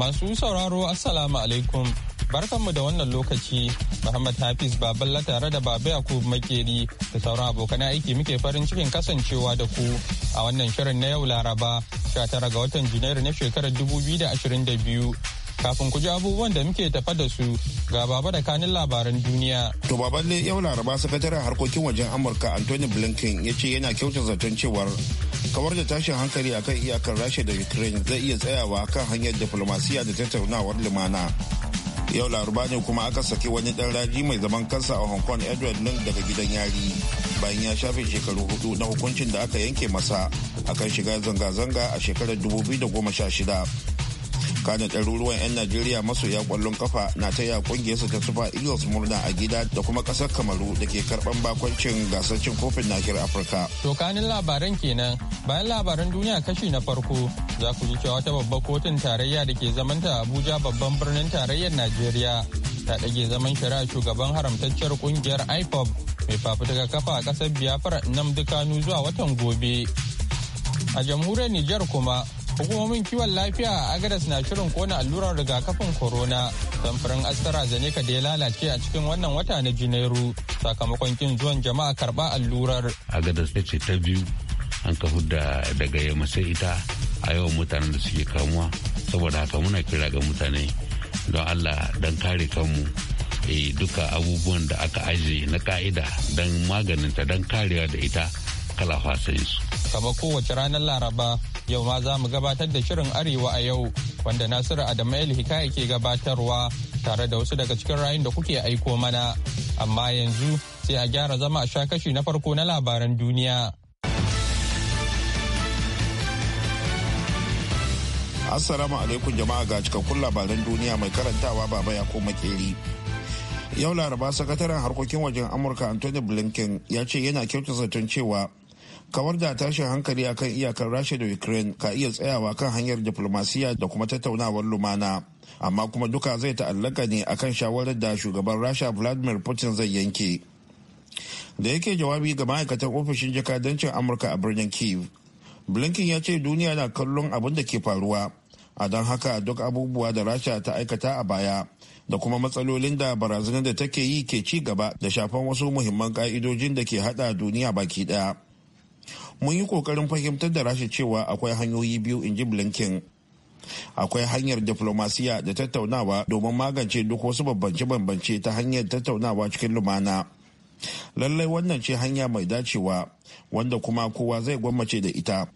Masu sauraro Assalamu alaikum barkanmu da wannan lokaci Muhammad Hafiz Baballa tare da Baba Yakub Makeri da sauran abokan aiki muke farin cikin kasancewa da ku a wannan shirin na yau Laraba 19 ga watan Janairu na shekarar 2022 Kafin ku ji abubuwan da muke tafa da su ga baba da kanin labaran duniya. To baballe yau laraba sakataren harkokin wajen Amurka Anthony Blinken ya ce yana kyautar zaton cewar kawar da tashin hankali akan iyakar Rasha da Ukraine zai iya tsayawa kan hanyar diplomasiya da tattaunawar lumana. Yau laraba ne kuma aka saki wani dan raji mai zaman kansa a Hong Kong Edward Ning daga gidan yari bayan ya shafe shekaru hudu na hukuncin da aka yanke masa akan shiga zanga-zanga a shekarar 2016. kana ɗaruruwan 'yan najeriya ya kwallon kafa na ta taya kungiyarsa ta sufa eagles murna a gida da kuma ƙasar kamaru da ke karɓan bakoncin gasar cin kofin nahiyar afirka to kanin labaran kenan bayan labaran duniya kashi na farko za ku ji cewa wata babbar kotun tarayya da ke zamanta abuja babban birnin tarayyar najeriya ta ɗage zaman shari'a shugaban haramtacciyar kungiyar ipob mai fafutuka kafa a ƙasar biafra nnamdi kanu zuwa watan gobe a jamhuriyar niger kuma hukumomin kiwon lafiya a agadas na shirin kona allurar rigakafin corona samfurin astrazeneca da ya lalace a cikin wannan wata na janairu sakamakon kin zuwan jama'a karba allurar agadas ta ce ta biyu an ka da daga yamma sai ita a yawan mutanen da suke kamuwa saboda haka muna kira ga mutane don allah don kare kanmu eh, duka abubuwan da aka ajiye na ka'ida don maganinta don karewa da ita kalafa ta yi su. Kama kowace ranar Laraba yau ma za mu gabatar da shirin Arewa a yau wanda Nasiru adamu el Hikaya ke gabatarwa tare da wasu daga cikin rayun da kuke aiko mana. Amma yanzu sai a gyara zama a sha kashi na farko na labaran duniya. Assalamu alaikum jama'a ga cikakkun labaran duniya mai karantawa baba ya koma makeri. yau laraba sakataren harkokin wajen amurka anthony blinken ya ce yana kyauta zaton cewa kawar da tashin hankali akan iyakar rasha da ukraine ka iya tsayawa kan hanyar diplomasiya da kuma tattaunawar lumana amma kuma duka zai ta'allaka ne akan shawarar da shugaban rasha vladimir putin zai yanke da yake jawabi ga ma'aikatan ofishin jakadancin amurka a birnin kiev blinken ya ce duniya na kallon abin da ke faruwa a don haka duk abubuwa da rasha ta aikata a baya da kuma matsalolin da barazanar da take yi ke ci gaba da shafan wasu muhimman ka'idojin da ke hada duniya baki daya mun yi kokarin fahimtar da rasha cewa akwai hanyoyi biyu in ji blinken akwai hanyar diflomasiya da tattaunawa domin magance duk wasu bambance-bambance ta hanyar tattaunawa cikin lumana lallai wannan ce hanya mai dacewa wanda kuma kowa zai gwammace da ita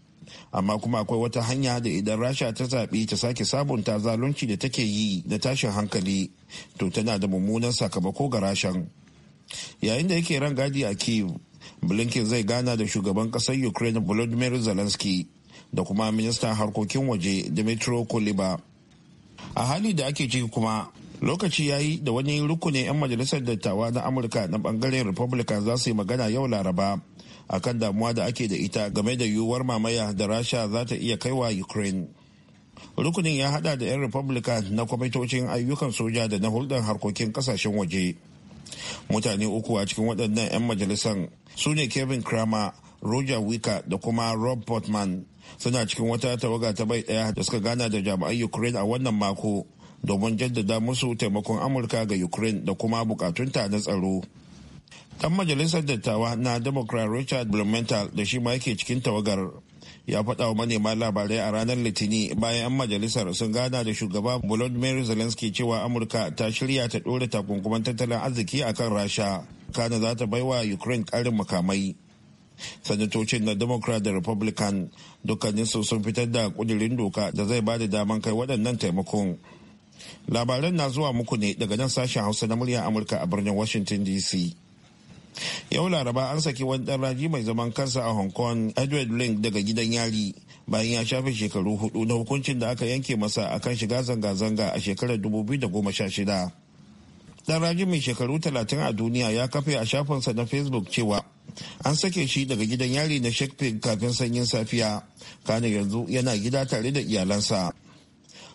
amma kuma akwai wata hanya da idan rasha ta zaɓi ta sake sabunta zalunci da take yi da tashin hankali to tana da mummunan sakamako ga rashan yayin da yake ran gadi a kiev blinken zai gana da shugaban kasar ukraine volodymyr zelensky da kuma ministan harkokin waje dimitro koliba a hali da ake ciki kuma lokaci ya yi da wani rukunin 'yan majalisar dattawa na amurka na bangaren republican za su yi magana yau laraba akan damuwa da ake da ita game da yiwuwar mamaya da rasha za ta iya kaiwa ukraine rukunin ya hada da 'yan republican na kwamitocin ayyukan soja da na hulɗar harkokin kasashen waje mutane uku a cikin waɗannan 'yan majalisar su ne kevin kramer roger wika da kuma rob portman suna cikin wata tawaga ta bai ɗaya da suka gana da jami'an ukraine a wannan mako domin jaddada musu taimakon amurka ga ukraine da kuma bukatunta na tsaro dan majalisar dattawa na democrat richard blumenthal da shi ma yake cikin tawagar ya faɗa wa manema labarai a ranar litini bayan 'yan majalisar sun gana da shugaba volodymyr zelensky cewa amurka ta shirya ta ɗora takunkuman tattalin arziki a kan rasha kana za ta baiwa ukraine ƙarin makamai sanatocin na democrat da republican dukkaninsu sun fitar da kudirin doka da zai ba da daman kai waɗannan taimakon labaran na zuwa muku ne daga nan sashen hausa na muryar amurka a birnin washington dc yau laraba an saki wani dan raji mai zaman kansa a hong kong edward link daga gidan yari bayan ya shafe shekaru hudu na hukuncin da aka yanke masa a kan shiga zanga-zanga a shekarar 2016 dan raji mai shekaru 30 a duniya ya kafe a shafinsa na facebook cewa an sake shi daga gidan yari na shakespeare kafin sanyin safiya kana yanzu yana gida tare da iyalansa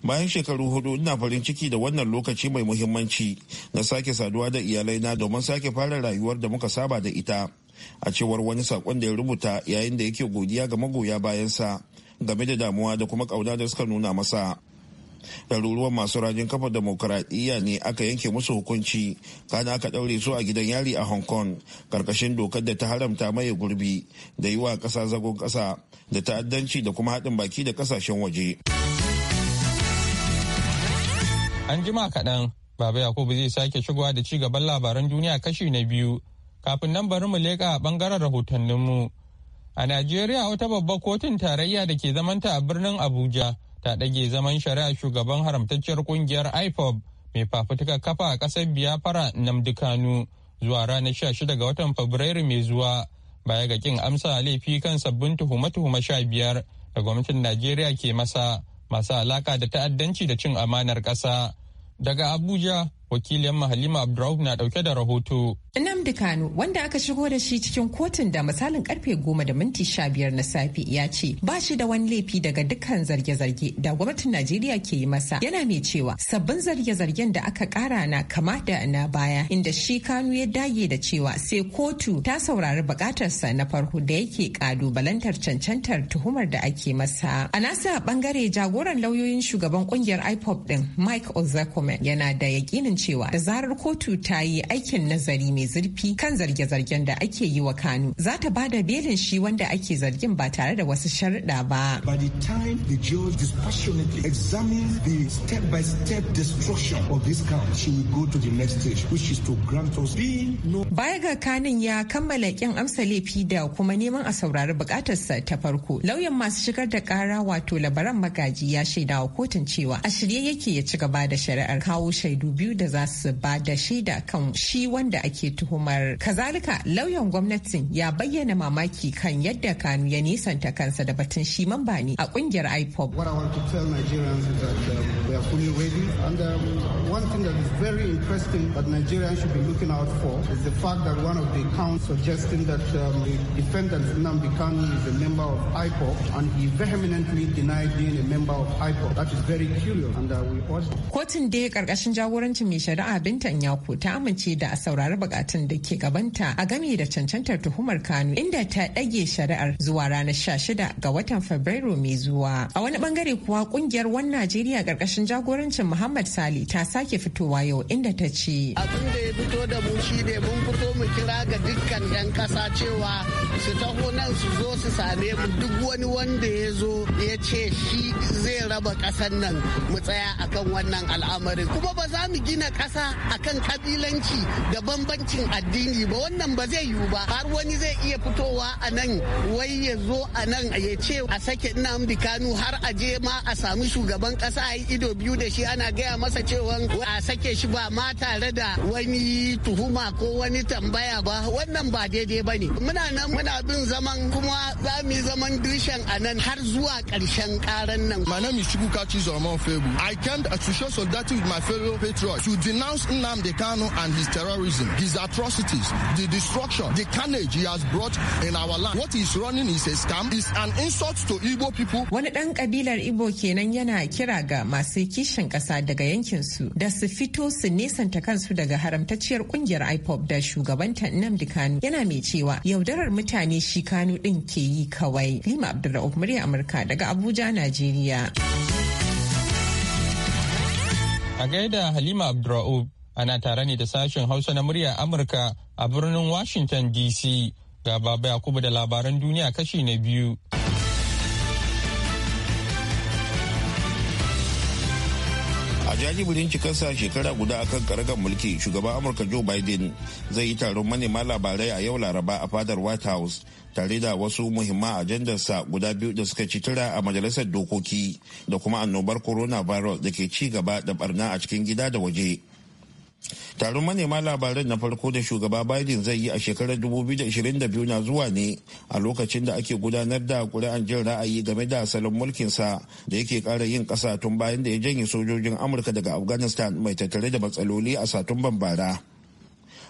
bayan shekaru hudu ina farin ciki da wannan lokaci mai muhimmanci na sake saduwa da iyalai na domin sake fara rayuwar da muka saba da ita a cewar wani sakon da ya rubuta yayin da yake godiya ga magoya bayansa game da damuwa da kuma kauna da suka nuna masa ɗaruruwan masu rajin kafa demokuraɗiyya ne aka yanke musu hukunci kana aka ɗaure su a gidan yari a hong kong karkashin dokar da ta haramta maye gurbi da yi wa ƙasa zagon ƙasa da ta'addanci da kuma haɗin baki da ƙasashen waje. An jima kaɗan, Baba Yakubu zai sake shigowa da ci gaban labaran duniya kashi na biyu. Kafin nan bari mu leƙa a ɓangaren rahotannin mu. A Najeriya wata babbar kotun tarayya da ke zamanta a birnin Abuja ta ɗage zaman shari'a shugaban haramtacciyar ƙungiyar IPOB mai fafutuka kafa a ƙasar Biafra Namdi Kanu zuwa ranar 16 ga watan Fabrairu mai zuwa baya ga kin amsa laifi kan sabbin tuhume-tuhume sha biyar da gwamnatin Najeriya ke masa masu alaka da ta'addanci da cin amanar ƙasa. Daga Abuja, wakilin Halima Abdurrahman na ɗauke da rahoto. Nnamdi Kano wanda aka shigo da shi cikin kotun da misalin karfe goma da minti sha biyar na safe ya ce ba shi da wani laifi daga dukkan zarge-zarge da gwamnatin Najeriya ke yi masa yana mai cewa sabbin zarge-zargen da aka kara na kama da na baya inda shi Kano ya dage da cewa sai kotu ta saurari bukatarsa na farko da yake balantar cancantar tuhumar da ake masa. A nasa bangare jagoran lauyoyin shugaban kungiyar IPOP din Mike Ozakome yana da yakinin cewa da zarar kotu ta yi aikin nazari mai zurfi kan zarge-zargen da ake yi wa Kanu za ta ba da belin shi wanda ake zargin ba tare da wasu sharuɗa ba. By the time the step-by-step destruction of this count, she will Baya ga Kanin ya kammala kyan amsa laifi da kuma neman a saurari bukatarsa ta farko. Lauyan masu shigar da kara wato labaran magaji ya shaida wa kotun cewa a shirye yake ya ci gaba da shari'ar kawo shaidu biyu da za su ba da shaida kan shi wanda ake tuhumar. Kazalika lauyan gwamnatin ya bayyana mamaki kan yadda Kanu ya nisanta kansa da batun shi mambani a kungiyar IPOB. What I want very interesting that Nigerians should be looking for the fact that the counts suggesting that um, the defendant member of IPOB and he uh, Kotun karkashin jagorancin mai shari'a Binta Nyako ta amince da a saurari bukatun da ke gabanta a game da cancantar tuhumar Kano inda ta ɗage shari'ar zuwa ranar 16 ga watan Fabrairu mai zuwa. A wani bangare kuwa kungiyar Wan Najeriya karkashin jagorancin Muhammad Sali ta sake fitowa yau inda ta ce. Abin da ya fito da mu shi ne mun fito mu kira ga dukkan 'yan kasa cewa su taho nan su zo su same mu duk wani wanda ya zo ya ce shi zai raba kasan nan mu tsaya akan wannan al'amarin kuma ba za mu gina kasa akan kabilanci da bambanci bambancin addini ba wannan ba zai yiwu ba har wani zai iya fitowa a nan wai ya zo a nan ya ce a sake Nnamdi Kanu har a je ma a sami shugaban kasa a yi ido biyu da shi ana gaya masa cewa a sake shi ba ma tare da wani tuhuma ko wani tambaya ba wannan ba daidai ba ne muna nan muna bin zaman kuma za mu yi zaman dirshan a nan har zuwa ƙarshen karan nan. My name is Chukwukachi Zoromon Febu. I came to associate solidarity with my fellow patriots to denounce Nnamdi Kanu and his terrorism, his the atrocities, the destruction, the carnage he has brought in our land. What is running is a scam, is an insult to Igbo people. Wani ɗan ƙabilar Igbo kenan yana kira ga masu kishin ƙasa daga yankin su da su fito su nesanta kansu daga haramtacciyar ƙungiyar IPOP da shugabanta Nnamdi Kanu. Yana mai cewa yaudarar mutane shi Kanu ɗin ke yi kawai. Lima Abdulrahman murya Amurka daga Abuja, Najeriya. A gaida Halima Abdulrahman Ana tare ne da sashen Hausa na muryar Amurka a birnin Washington DC. Ga Baba Yakubu da labaran duniya kashi na biyu. a jajibirin cikarsa shekara guda a kan karagar mulki shugaban amurka joe biden zai yi taron manema labarai a yau laraba a fadar white house tare da wasu muhimman ajandarsa guda biyu da suka ci tura a majalisar dokoki da kuma annobar coronavirus da ke ci gaba da barna a cikin gida da waje taron manema labaran na farko da shugaba biden zai yi a shekarar 2022 na zuwa ne a lokacin da ake gudanar da kuri'an jin ra'ayi game da salon mulkinsa da yake kara yin kasa tun bayan da ya janye sojojin amurka daga afghanistan mai tattare da matsaloli a satumban bara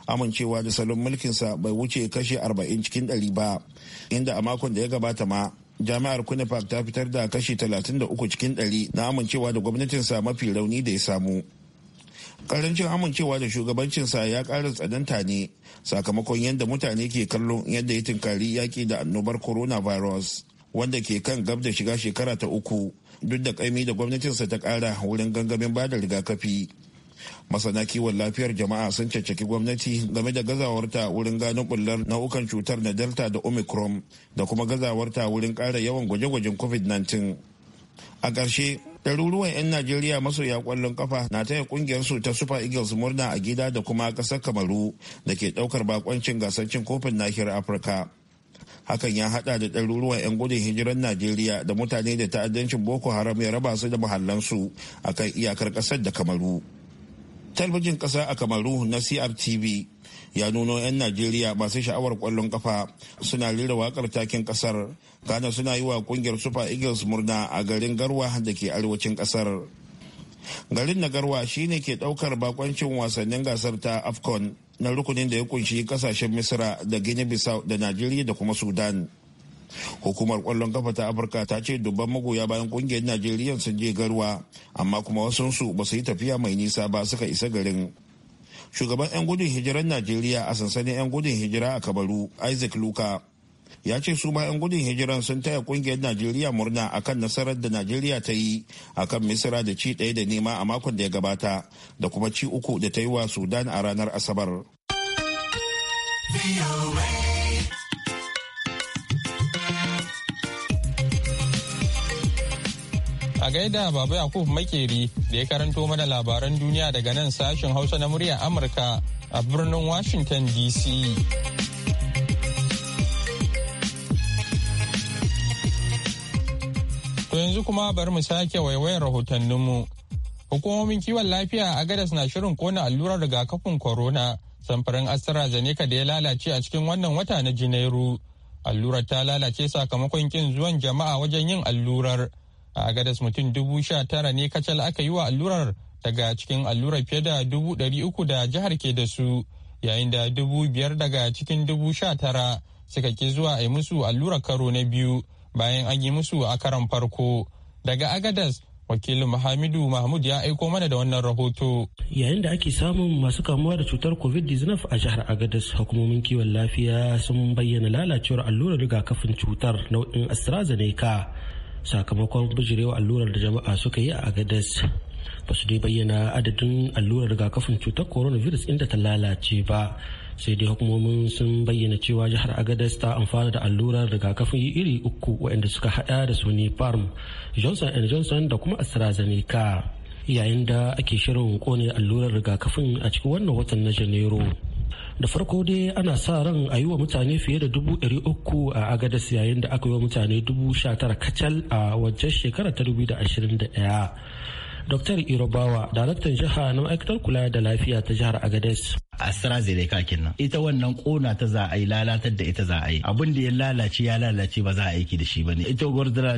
amincewa da salon mulkinsa bai wuce kashe 40 cikin 100 ba inda a makon da ya gabata ma jami'ar kunifak ta fitar da kashe 33 cikin 100 na amincewa da gwamnatinsa mafi rauni da ya samu karancin amincewa da shugabancinsa ya ƙara tsananta ne sakamakon yadda mutane ke kallon yadda ya tunkari yaƙi da annobar coronavirus wanda ke kan gab da shiga shekara ta uku duk da kaimi da gwamnatinsa ta ƙara wurin gangamin bada rigakafi masana kiwon lafiyar jama'a sun caccaki gwamnati game da gazawarta wurin gano bullar nau'ukan cutar na delta da omicron da kuma gazawarta wurin ƙara yawan gwaje-gwajen covid-19 a ƙarshe ɗaruruwan 'yan najeriya masoya kwallon kafa na taya kungiyar su ta super eagles murna a gida da kuma ƙasar kamaru da ke ɗaukar bakoncin gasar cin kofin nahiyar afirka hakan ya haɗa da ɗaruruwan 'yan gudun hijiran najeriya da mutane da ta'addancin boko haram ya raba su da muhallansu a kan iyakar ƙasar da kamaru talbijin ƙasa a kamaru na crtv ya nuno 'yan najeriya masu sha'awar kwallon kafa suna rera waƙar takin ƙasar kana suna yi wa kungiyar super eagles murna a garin garwa da ke arewacin kasar garin na garwa shine ke daukar bakoncin wasannin gasar ta afcon na rukunin da ya kunshi kasashen misira da guinea bissau da najeriya da kuma sudan hukumar kwallon kafa ta afirka ta ce dubban magoya bayan kungiyar najeriya sun je garwa amma kuma wasunsu ba su yi tafiya mai nisa ba suka isa garin shugaban 'yan gudun hijirar najeriya a sansanin 'yan gudun hijira a kabaru isaac luka ya ce su ma 'yan gudun hijiran sun taya kungiyar najeriya murna akan nasarar da najeriya ta yi akan misira da ci ɗaya da nema a makon da ya gabata da kuma ci uku da ta yi wa sudan a ranar asabar a gaida baba yakub makeri da ya karanto mana labaran duniya daga nan sashen hausa na murya amurka a birnin washington dc To yanzu kuma bari mu sake waiwayar rahotanninmu. Hukumomin kiwon lafiya a Gadas na shirin kona allurar rigakafin corona astra AstraZeneca da ya lalace a cikin wannan wata na Janairu. Allurar ta lalace sakamakon kin zuwan jama'a wajen yin allurar. A Gadas mutum dubu sha tara ne kacal aka yi wa allurar daga cikin allurar fiye da dubu ɗari uku da jihar ke da su yayin da dubu biyar daga cikin dubu sha tara suka ke zuwa a yi musu allurar karo na biyu. bayan an yi musu a karan farko daga agadas wakilin Muhammadu Mahmud ya aiko mana da wannan rahoto. Yayin da ake samun masu kamuwa da cutar COVID-19 a jihar agadas hukumomin kiwon lafiya sun bayyana lalacewar allurar rigakafin cutar nau'in AstraZeneca sakamakon bijirewa allurar da jama'a suka yi a agadas Ba su dai bayyana adadin allurar rigakafin cutar coronavirus inda ta lalace ba. sai dai hukumomin sun bayyana cewa jihar agadez ta amfana da allurar rigakafin iri uku waɗanda suka haɗa da suni farm johnson johnson da kuma astrazeneca yayin da ake shirin kone allurar rigakafin a cikin wannan watan na janairu da farko dai ana sa ran a yi wa mutane fiye da dubu ɗari uku a agadas yayin da aka yi wa mutane dubu sha tara kacal a wajen shekara ta dubu da ashirin da ɗaya dr irobawa daraktan jiha na ma'aikatar kula da lafiya ta jihar agadas AstraZeneca kenan ita wannan kona ta za a yi lalatar da ita za a yi abin da ya lalace ya lalace ba za a aiki da shi bane ita gordura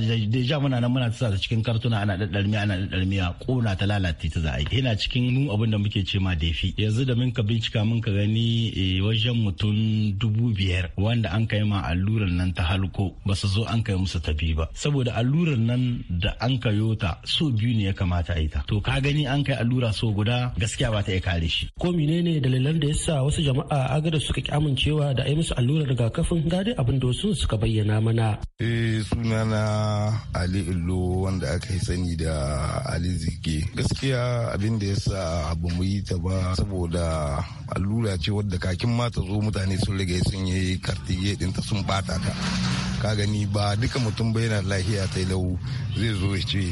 ja muna nan muna sa a cikin kartuna ana daddarmiya ana daddarmiya kona ta lalace ta za a yi yana cikin mu abin da muke ce ma defi yanzu da mun ka bincika mun ka gani eh, wajen mutum dubu biyar wanda an kai ma allurar nan ta halko ba su zo an kai musu ta biyu ba saboda allurar nan da an kayo ta so biyu ne ya kamata a yi ta to ka gani an kai allura so guda gaskiya ba ta iya kare shi ko menene dalilan dalilan da ya sa wasu jama'a agada suka ki amincewa da ai musu allurar rigakafin gadi abin da wasu suka bayyana mana eh sunana ali illo wanda aka yi sani da ali zike gaskiya abin da yasa ba mu yi ta ba saboda allura ce wadda kakin mata zo mutane sun riga sun yi kartiye ya sun bata ta ka gani ba duka mutum bai yana lahiya ta lau zai zo ya ce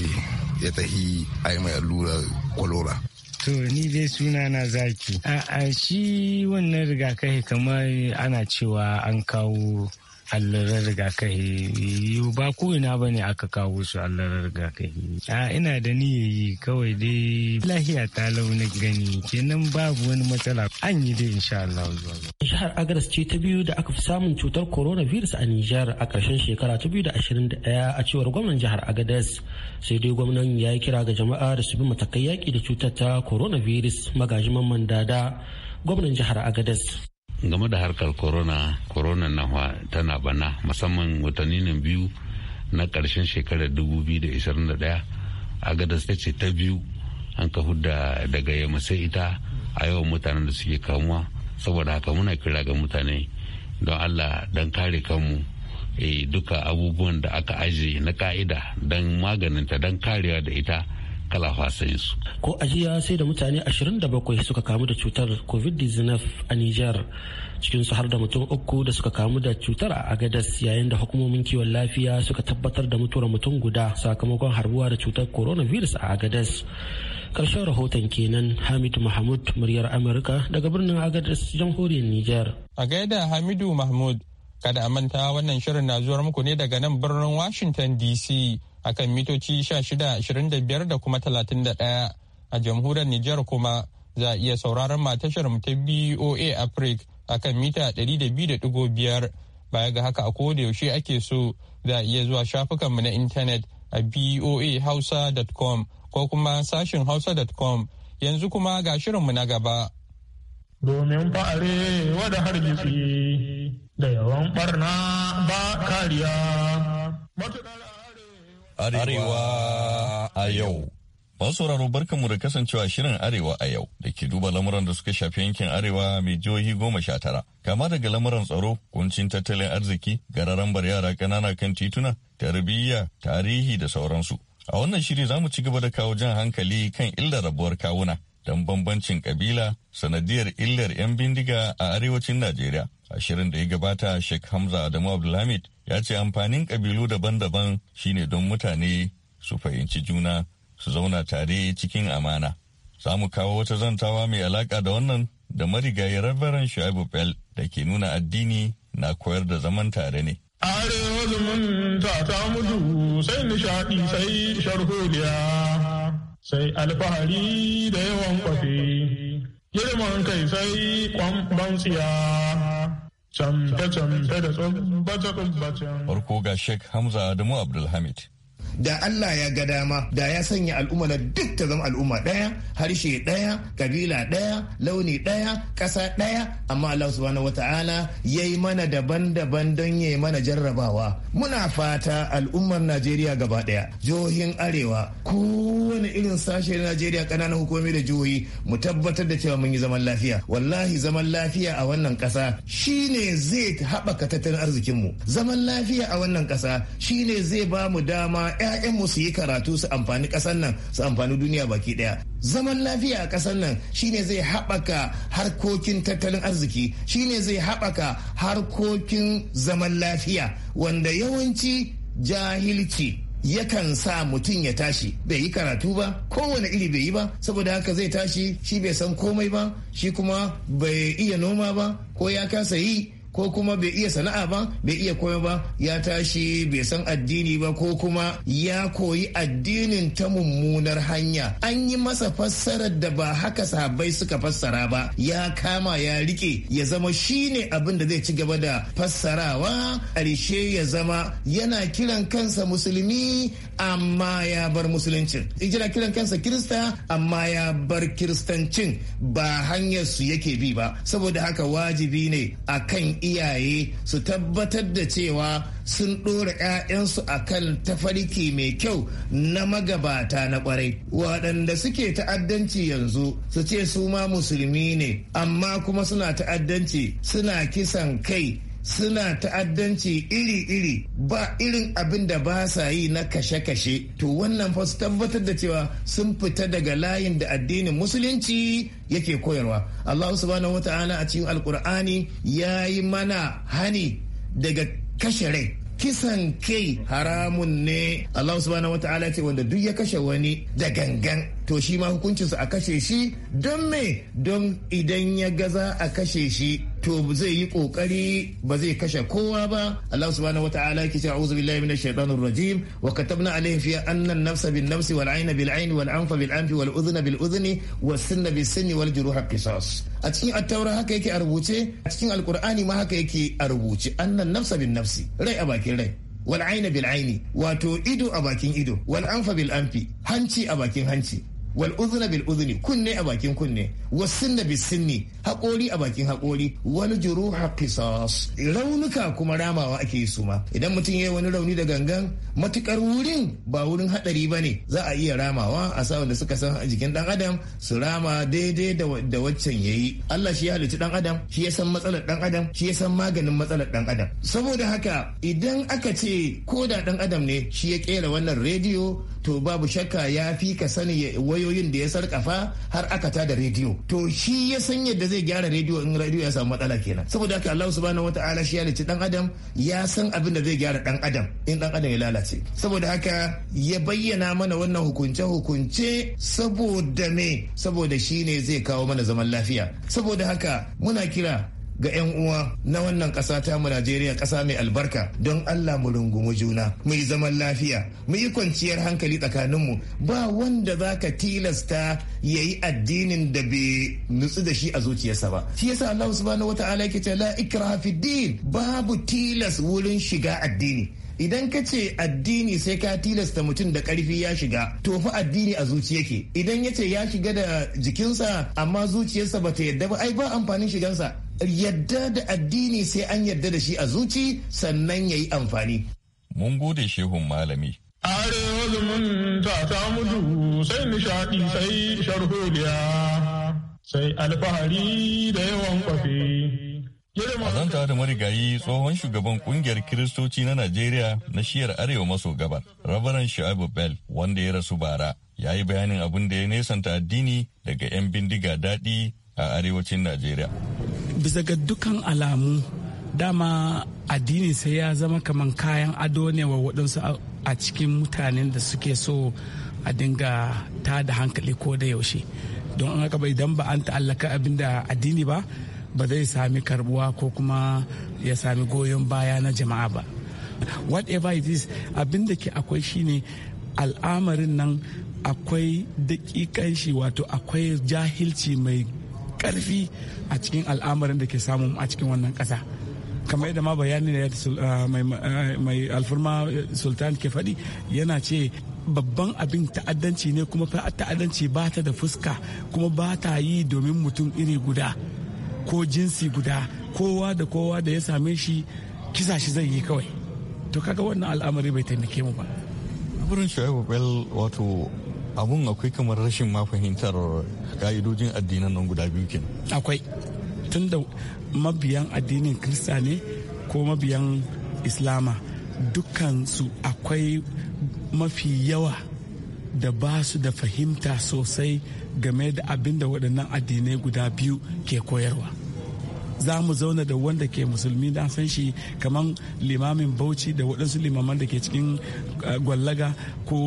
ya tahi a yi mai allura kwalora To ni dai suna na zaki. A shi wannan rigakafi kamar ana cewa an kawo allurar rigakafi yiwu ba ko'ina ba ne aka kawo su allurar rigakafi a ina da niyayi kawai dai lahiya ta launa gani kenan babu wani matsala an yi dai insha Allah zuwa jihar agadas ce ta biyu da aka fi samun cutar coronavirus a Nijar a ƙarshen shekara ta biyu da ashirin da ɗaya a cewar gwamnan jihar agadas sai dai gwamnan ya yi kira ga jama'a da su bi matakai yaƙi da cutar ta coronavirus magajiman mandada gwamnan jihar agadas game da harkar corona corona na tana bana musamman watanni nan biyu na karshen shekarar 2021 a ta ce ta biyu an ka hudda daga yamma sai ita a yawan mutanen da suke kamuwa saboda haka muna kira ga mutane don allah don kare kanmu eh, duka abubuwan da aka aje na ka'ida don maganinta don karewa da ita kala kalafasinsu. Ko a jiya sai da mutane 27 suka kamu da cutar COVID-19 a Nijar. su har da mutum uku da suka kamu da cutar a agadas yayin da hukumomin kiwon lafiya suka tabbatar da mutuwar mutum guda sakamakon harbuwa da cutar coronavirus a agadas karshen rahoton kenan hamidu mahmud muryar amurka daga birnin agadas jamhuriyar niger a gaida hamidu mahmud Kada a manta wannan shirin na zuwar muku ne daga nan birnin Washington DC a kan mitoci 1625 da kuma 31 a jamhuriyar Nijar kuma za a iya sauraron matashar mu ta BOA Africa kan mita 200.5 baya ga haka a koda yaushe ake so za a iya zuwa shafukanmu na intanet a boahausa.com ko kuma sashin hausa.com yanzu kuma ga shirinmu na gaba. Domin fa'are wada hargitsi da yawan barna ba kariya. Arewa a yau. sauraro barkanmu da kasancewa shirin Arewa a yau da ke duba lamuran da suka shafi yankin Arewa mai jihohi goma sha tara. Kama daga lamuran tsaro, kuncin tattalin arziki, gararan bar yara ƙanana kan tituna, tarbiyya, tarihi da sauransu. A wannan shiri za mu ci gaba da kawo jan hankali kan illar rabuwar kawuna don bambancin kabila sanadiyar illar 'yan bindiga a arewacin Najeriya A shirin da ya gabata Sheikh Hamza Adamu Abdulhamid ya ce amfanin ƙabilu daban-daban shine don mutane su fahimci juna su zauna tare cikin amana. Za mu kawo wata zantawa mai alaƙa da wannan da marigayi Reverend Shu'aibu Bell da ke nuna addini na koyar da zaman tare ne. Arewa zumunta ta mudu sai nishaɗi sai sharholiya sai alfahari da yawan kwafi girman kai sai kwamban tsiya. Farko ga Sheikh Hamza Adamu Abdulhamid da Allah ya ga dama da ya sanya al'umma na duk ta zama al'umma ɗaya harshe ɗaya kabila ɗaya launi ɗaya ƙasa ɗaya amma Allah subhanahu wata'ala ya yayi mana daban-daban don ya yi mana jarrabawa muna fata al'ummar Najeriya gaba ɗaya jihohin arewa kowane irin sashe na Najeriya ƙananan hukumomi da jihohi mu tabbatar da cewa mun yi zaman lafiya wallahi zaman lafiya a wannan ƙasa shine zai haɓaka tattalin arzikinmu zaman lafiya a wannan ƙasa shine zai ba mu dama mu su yi karatu su amfani ƙasar nan su amfani duniya baki ɗaya zaman lafiya a ƙasar nan shine zai haɓaka harkokin tattalin arziki shine zai haɓaka harkokin zaman lafiya wanda yawanci jahilci yakan sa mutum ya tashi bai yi karatu ba kowane iri bai yi ba saboda haka zai tashi shi bai san komai ba shi kuma bai iya noma ba ko ya kasa yi ko kuma bai iya sana'a ba bai iya koyo ba ya tashi bai san addini ba ko kuma ya koyi addinin ta mummunar hanya an yi masa fassarar da ba haka sahabbai suka fassara ba ya kama ya rike ya zama shine abin da zai ci gaba da fassarawa ƙarshe ya zama yana kiran kansa musulmi amma ya bar musuluncin yana kiran kansa kirista amma ya bar kiristancin ba hanyar su yake bi ba saboda haka wajibi ne a kan iyaye su tabbatar da cewa sun ɗora 'ya'yansu a kan tafarki mai kyau na magabata na kwarai waɗanda suke ta'addanci yanzu su ce su ma musulmi ne amma kuma suna ta'addanci suna kisan kai suna ta'addanci iri-iri ba irin abin da ba sa yi na kashe-kashe to wannan fa su tabbatar da cewa sun fita daga layin da addinin musulunci yake koyarwa Allah subhanahu wata'ala a cikin alkur'ani ya yi mana hani daga kashe rai kisan kai haramun ne Allah subhanahu wata'ala ce wanda duk ya kashe wani da gangan to shi ma hukuncinsa a kashe shi don me don idan ya gaza a kashe shi to zai yi kokari ba zai kashe kowa ba Allah subhanahu wataala yake cewa a'udhu billahi minash shaitanir rajim wa katabna alaihim fiha anna an-nafsa bin-nafsi wal-'ayna bil-'ayni wal-anfa bil-anfi wal-udhna bil-udhni was-sinna bis-sinni wal-juruha qisas a cikin at-taura haka yake a rubuce a cikin al-qur'ani ma haka yake a rubuce anna an-nafsa bin-nafsi rai a bakin rai wal-'ayna bil-'ayni wato ido a bakin ido wal-anfa bil-anfi hanci a bakin hanci wal uzna bil uzni kunne a bakin kunne was sunna bis haƙori a bakin haƙori wani juruha qisas raunuka kuma ramawa ake yi su ma idan mutum ya yayi wani rauni da gangan matukar wurin ba wurin hadari ne za a iya ramawa a sa wanda suka san a jikin dan adam su rama daidai da waccan yayi Allah shi ya halicci dan adam shi ya san matsalar dan adam shi ya san maganin matsalar dan adam saboda haka idan aka ce ko da dan adam ne shi ya kera wannan rediyo to babu shakka ya fi ka sani wayoyin da ya sarkafa har aka ta da rediyo to shi ya san yadda zai gyara rediyo in rediyo ya samu matsala kenan saboda haka Allah subhanahu wataala shi ya lici dan adam ya san abin da zai gyara dan adam in dan adam ya lalace saboda haka ya bayyana mana wannan hukunce hukunce saboda me saboda shine zai kawo mana zaman lafiya saboda haka muna kira ga 'yan uwa na wannan ƙasa ta mu Najeriya ƙasa mai albarka don Allah mu rungumi juna mu yi zaman lafiya mu yi kwanciyar hankali tsakaninmu ba wanda za ka tilasta ya yi addinin da bai nutsu da shi a zuciyarsa ba shi yasa Allah subhanahu ta'ala yake ce la ikraha din babu tilas wurin shiga addini idan ka ce addini sai ka tilasta mutum da karfi ya shiga to fa addini a zuciya ke idan ya ce ya shiga da jikinsa amma zuciyarsa ba ta yadda ba ai ba amfanin shigansa yadda da addini sai an yadda da shi a zuci sannan ya yi amfani. Mun gode shehun malami. Arewa zumunta ta mutu sai nishaɗi sai sharholiya sai alfahari da yawan kwafe. Azanta da marigayi tsohon shugaban kungiyar Kiristoci na Najeriya na shiyar Arewa maso gabar, Rabaran Shu'aibu Bell, wanda ya rasu bara, ya yi bayanin abin da ya nesanta addini daga 'yan bindiga daɗi a arewacin Najeriya. bisa ga dukkan alamu dama addini sai ya zama kamar kayan ado ne wa waɗansu a cikin mutanen da suke so a dinga ta da hankali ko da yaushe don an haka ba idan ba an ta'allaka abin da addini ba ba zai sami karbuwa ko kuma ya sami goyon baya na jama'a ba whatever it is abin da ke akwai shine al'amarin nan akwai daƙiƙanshi shi wato akwai jahilci mai karfi a cikin al'amarin da ke samu a cikin wannan kasa kamar yadda ma bayani da ah, mai ah, alfurma eh, sultan ke faɗi yana ce babban abin ta'addanci ne kuma ta'addanci ba ta da fuska kuma ba ta yi domin mutum iri guda ko jinsi guda kowa da kowa da ya same shi kisa shi zai yi kawai to kaga wannan al'amari bai taimake mu ba wurin bel wato abun akwai kamar rashin ma fahimtar ka'idojin addinan nan guda biyu kenan akwai tun da mabiyan addinin krista ne ko mabiyan islama dukkansu akwai mafi yawa da ba su da fahimta sosai game da abin da waɗannan addinai guda biyu ke koyarwa za mu zauna da wanda ke musulmi da san shi kamar limamin bauchi da waɗansu limaman da ke cikin eh, gwallaga ko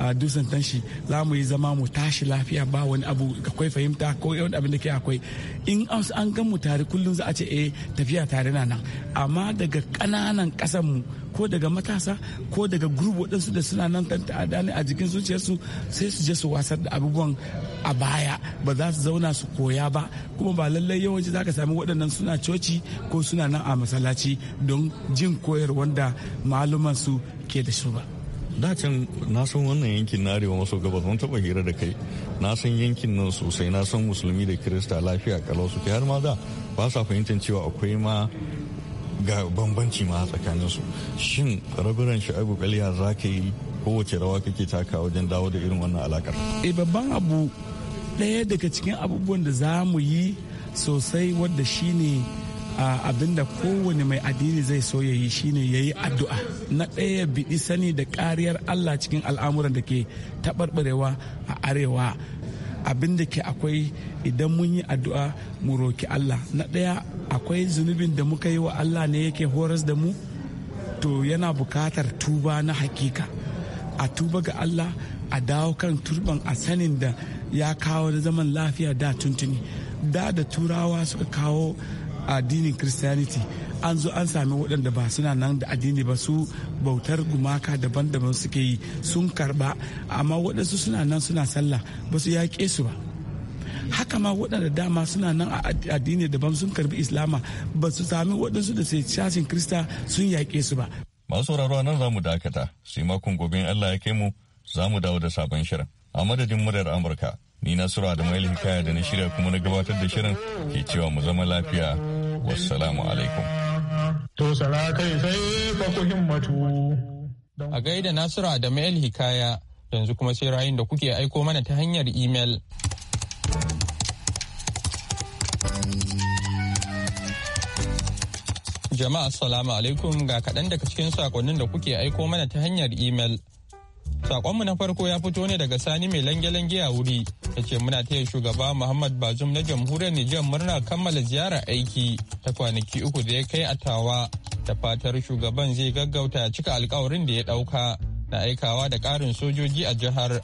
eh, dusan tanshi za mu yi zama mu tashi lafiya ba wani abu akwai fahimta ko yawan abin da ke akwai in an gan mu tare kullum za a ce eh tafiya tare na nan amma daga ƙananan ƙasanmu mu ko daga matasa ko daga gurbu waɗansu da suna nan kan ta'ada ne a jikin zuciyarsu sai su je su wasar da abubuwan a baya ba za su zauna su koya ba kuma ba lallai yawanci za ka sami waɗannan suna coci ko suna nan a masallaci don jin koyar wanda malaman su ke da shi ba. da can na san wannan yankin na arewa maso gabas wani taba hira da kai na san yankin nan sosai na san musulmi da kirista lafiya kalau ke har ma da ba sa fahimtar cewa akwai ma ga bambanci ma tsakanin su shin rabiran shu'aibu kaliya za ka yi kowace rawa kake taka wajen dawo da irin wannan alakar e eh, babban abu ɗaya daga cikin abubuwan da za mu yi sosai wadda shine abin da kowane mai addini zai so ya yi shine ya yi addu'a na ɗaya biɗi sani da ƙariyar allah cikin al'amuran da ke taɓarɓarewa a arewa abin da ke akwai idan mun yi addu'a mu roki Allah na ɗaya akwai zunubin da muka yi wa Allah ne yake horas da mu to yana bukatar tuba na hakika a tuba ga Allah a dawo kan turban a sanin da ya kawo na zaman lafiya da tuntuni da da turawa suka kawo addinin christianity an zo an sami waɗanda ba suna nan da addini ba su bautar gumaka daban-daban suke yi sun karba amma waɗansu suna nan suna sallah ba su yaƙe su ba haka ma waɗanda dama suna nan a addini daban sun karbi islama ba su sami waɗansu da sai cashin krista sun yaƙe su ba masu sauraro nan zamu dakata sai makon gobe allah ya kai mu zamu dawo da sabon shirin a madadin muryar amurka ni na sura da mail hikaya da na shirya kuma na gabatar da shirin ke cewa mu zama lafiya wassalamu alaikum To sarakai sai fa himmatu. A gaida Nasiru Adamu El Hikaya yanzu kuma sai rayun da kuke aiko mana ta hanyar imel. Jama'a salamu alaikum ga kaɗan daga cikin sakonnin da kuke aiko mana ta hanyar imel. Sakonmu na farko ya fito ne daga Sani mai lange-lange a wuri Ta ce muna taya shugaba Muhammad Bazum na jamhuriyar Nijar murna kammala ziyara aiki ta kwanaki uku da ya kai a tawa da fatar shugaban zai gaggauta ya cika alkawarin da ya ɗauka na aikawa da ƙarin sojoji a jihar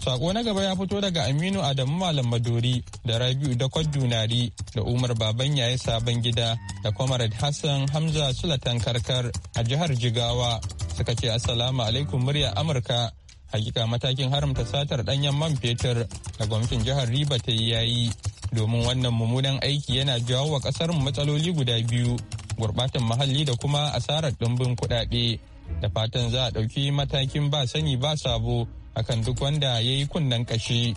Sako na gaba ya fito daga Aminu Adamu Malam Madori da Rabiu da Kwadunari da Umar Baban Yaye Sabon Gida da Comrade Hassan Hamza Sulatan Karkar a jihar Jigawa suka ce Assalamu alaikum murya Amurka. Hakika matakin haramta satar danyen man fetur da gwamnatin jihar Riba ta yi yayi domin wannan mummunan aiki yana jawo wa kasar matsaloli guda biyu gurbatan muhalli da kuma asarar ɗumbin kuɗaɗe da fatan za a ɗauki matakin ba sani ba sabo akan duk wanda ya yi kunnen kashi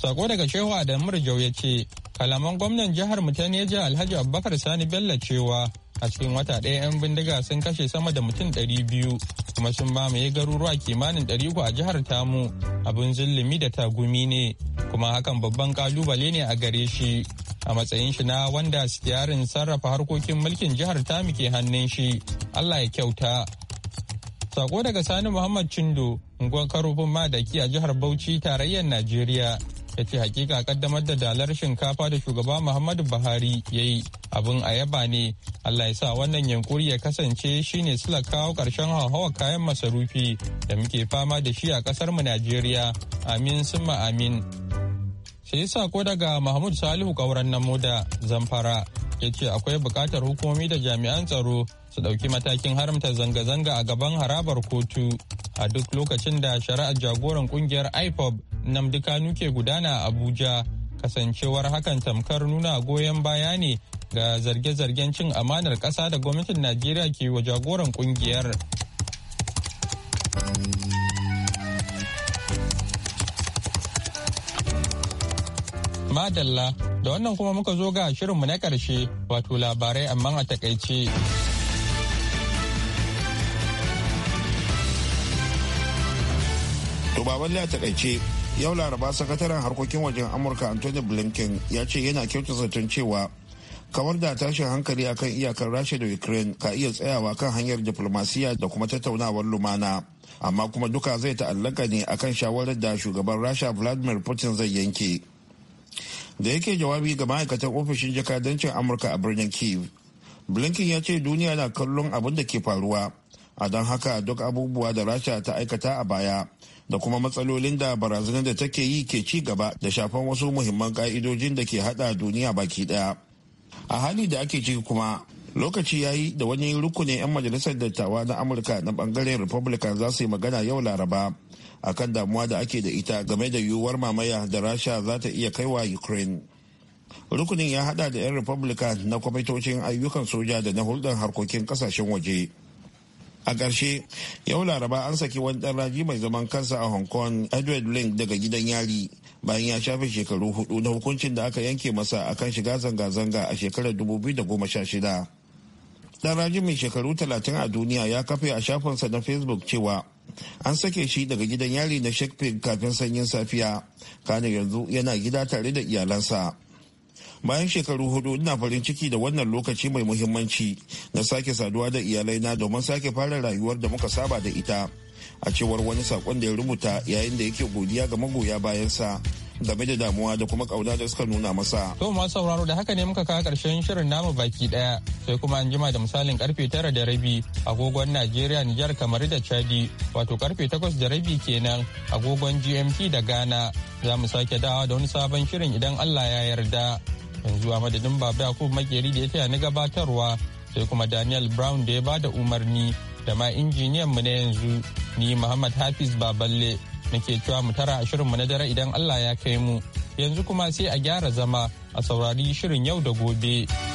sako daga shehu adamu jau ya ce kalaman gwamnan jihar mutaneja ya ji alhaji abubakar sani bello cewa a cikin wata ɗaya 'yan bindiga sun kashe sama da mutum biyu. kuma sun mamaye garuruwa kimanin ɗari a jihar tamu abin zulumi da tagumi ne kuma hakan babban kalubale ne a gare shi a matsayin shi na wanda siyarin sarrafa harkokin mulkin jihar tamu ke hannun shi allah ya kyauta sako daga sani muhammad chindo unguwar karofin madaki a jihar bauchi tarayyar najeriya ya ce hakika kaddamar da dalar shinkafa da shugaba muhammadu buhari ya yi abin a yaba ne allah ya sa wannan yankuri ya kasance shine sula kawo karshen hauhawar kayan masarufi da muke fama da shi a kasar mu najeriya amin sun amin yi sako daga mahmud salihu kauran namo da zamfara ya ce akwai bukatar hukumomi da jami'an tsaro su ɗauki matakin haramta zanga-zanga a gaban harabar kotu a duk lokacin da shari'ar jagoran kungiyar ipob namdi kanu ke gudana a abuja kasancewar hakan tamkar nuna goyon baya ne ga zarge-zargen cin amanar ƙasa da gwamnatin najeriya ke wa jagoran kungiyar Madalla da wannan kuma muka zo ga shirinmu na ƙarshe wato labarai amma a takaice. To a takaice yau laraba sakataren harkokin wajen Amurka Anthony Blinken ya ce yana kyautata zaton cewa kawar da tashin hankali akan iyakar Rasha da Ukraine ka iya tsayawa kan hanyar diplomasiya da kuma tattaunawar lumana. Amma kuma duka zai ta'allaka ne akan shawarar da shugaban Rasha Vladimir Putin zai yanke. da yake jawabi ga ma'aikatan ofishin jakadancin amurka a birnin kiev blinken ya ce duniya na kallon abin da ke faruwa a don haka duk abubuwa da rasha ta aikata a baya da kuma matsalolin da barazanar da take yi ke ci gaba da shafan wasu muhimman ka'idojin da ke hada duniya baki daya a hali da ake ciki kuma lokaci ya yi da wani rukunin 'yan majalisar dattawa na amurka na bangaren republican za su yi magana yau laraba akan damuwa da ake da ita game da yiwuwar mamaya da rasha za ta iya kaiwa ukraine rukunin ya hada da 'yan republican na kwamitocin ayyukan soja da na hulɗar harkokin kasashen waje a ƙarshe yau laraba an saki wani ɗan raji mai zaman kansa a hong kong edward link daga gidan yari bayan ya shafe shekaru hudu na hukuncin da aka yanke masa akan shiga zanga-zanga a shekarar 2016 ɗan raji mai shekaru 30 a duniya ya kafe a shafinsa na facebook cewa an sake shi daga gidan yari na shakespeare kafin sanyin safiya kane yanzu yana gida tare da iyalansa bayan shekaru hudu ina farin ciki da wannan lokaci mai muhimmanci na sake saduwa da iyalaina domin sake fara rayuwar da muka saba da ita a cewar wani sakon da ya rubuta yayin da yake godiya ga magoya bayansa game da damuwa da kuma kauna da suka nuna masa. To masu sauraro da haka ne muka kawo karshen shirin namu baki daya sai kuma an jima da misalin karfe tara da rabi agogon Najeriya Nijar kamar da Chadi wato karfe takwas da rabi kenan agogon GMT da Ghana za mu sake dawa da wani sabon shirin idan Allah ya yarda. Yanzu a madadin Baba Yakubu Makeri da ya taya na gabatarwa sai kuma Daniel Brown da ya bada umarni da ma injiniyan mu na yanzu ni Muhammad Hafiz Baballe nake cewa mu tara ashirin mu na dare idan Allah ya kai mu yanzu kuma sai a gyara zama a saurari shirin yau da gobe.